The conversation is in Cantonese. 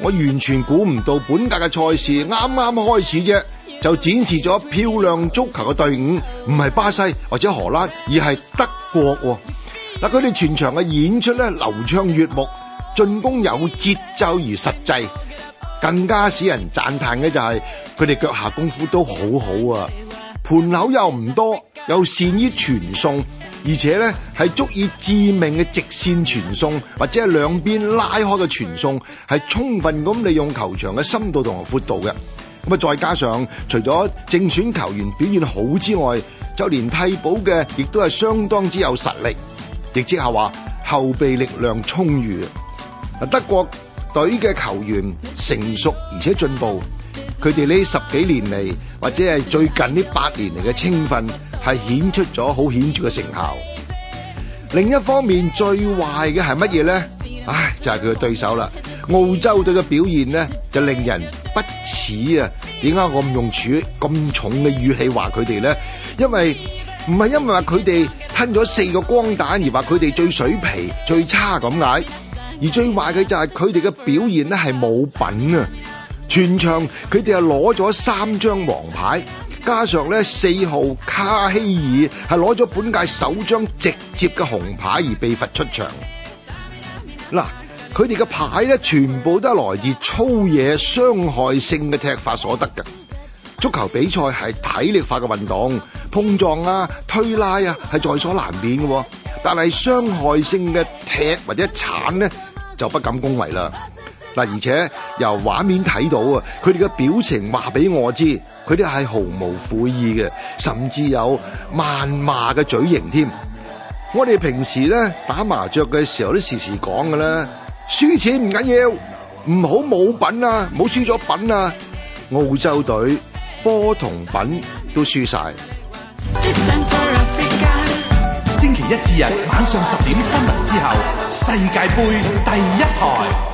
我完全估唔到本屆嘅賽事啱啱開始啫，就展示咗漂亮足球嘅隊伍，唔係巴西或者荷蘭，而係德國，哦。嗱，佢哋全場嘅演出咧，流暢悅目，進攻有節奏而實際，更加使人讚嘆嘅就係佢哋腳下功夫都好好啊，盤口又唔多，又善於傳送。而且咧係足以致命嘅直線傳送，或者係兩邊拉開嘅傳送，係充分咁利用球場嘅深度同埋闊度嘅。咁啊，再加上除咗正選球員表現好之外，就連替補嘅亦都係相當之有實力，亦即係話後備力量充裕。德國隊嘅球員成熟而且進步。佢哋呢十幾年嚟，或者係最近呢八年嚟嘅青訓，係顯出咗好顯著嘅成效。另一方面，最壞嘅係乜嘢咧？唉，就係佢嘅對手啦。澳洲隊嘅表現咧，就令人不齒啊！點解我唔用處咁重嘅語氣話佢哋咧？因為唔係因為話佢哋吞咗四個光蛋，而話佢哋最水皮、最差咁解。而最壞嘅就係佢哋嘅表現咧，係冇品啊！全場佢哋係攞咗三張黃牌，加上咧，四號卡希爾係攞咗本屆首張直接嘅紅牌而被罰出場。嗱，佢哋嘅牌咧，全部都係來自粗野傷害性嘅踢法所得嘅。足球比賽係體力化嘅運動，碰撞啊、推拉啊係在所難免嘅，但係傷害性嘅踢或者鏟咧，就不敢恭維啦。嗱，而且由畫面睇到啊，佢哋嘅表情話俾我知，佢哋係毫無悔意嘅，甚至有謾罵嘅嘴型添。我哋平時咧打麻雀嘅時候，都時時講㗎啦，輸錢唔緊要，唔好冇品啊，唔好輸咗品啊。澳洲隊波同品都輸晒。S 星期一至日晚上十點新聞之後，世界盃第一台。